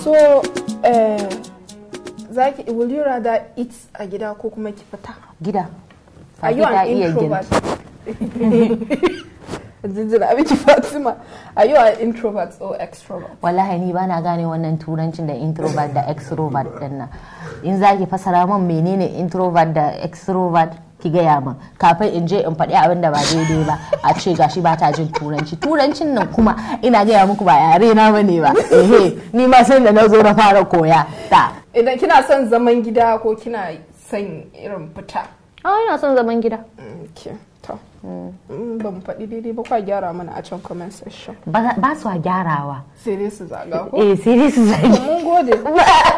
so uh, eh, will you rather eat a gida ko kuma ki fita gida are you an introvert abin ki fatima are you an introvert or extrovert wallahi ni bana gane wannan turancin da introvert da extrovert din in zaki fasara mun menene introvert da extrovert ki gaya min kafin in je in faɗi abin da ba daidai ba a ce gashi ba ta jin turanci turancin nan kuma ina gaya muku ba yare na bane ba ehe ni ma sai da na zo na fara koya ta idan kina son zaman gida ko kina son irin fita a ah, ina son zaman gida mm, ban faɗi daidai ba kwa gyara mana a can comment section ba su a gyarawa sai dai su zaga ko eh sai dai su zaga mun gode